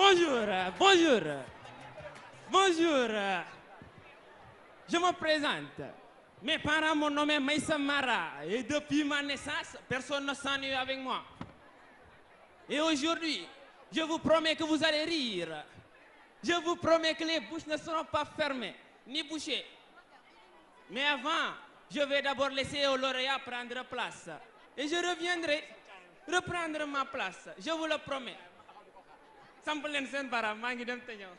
Bonjour, bonjour, bonjour. Je me présente. Mes parents m'ont nommé Maïssa Mara et depuis ma naissance, personne ne s'ennuie avec moi. Et aujourd'hui, je vous promets que vous allez rire. Je vous promets que les bouches ne seront pas fermées, ni bouchées. Mais avant, je vais d'abord laisser au lauréat prendre place. Et je reviendrai reprendre ma place, je vous le promets. samp leen seen baaraam maa ngi dem te ñëw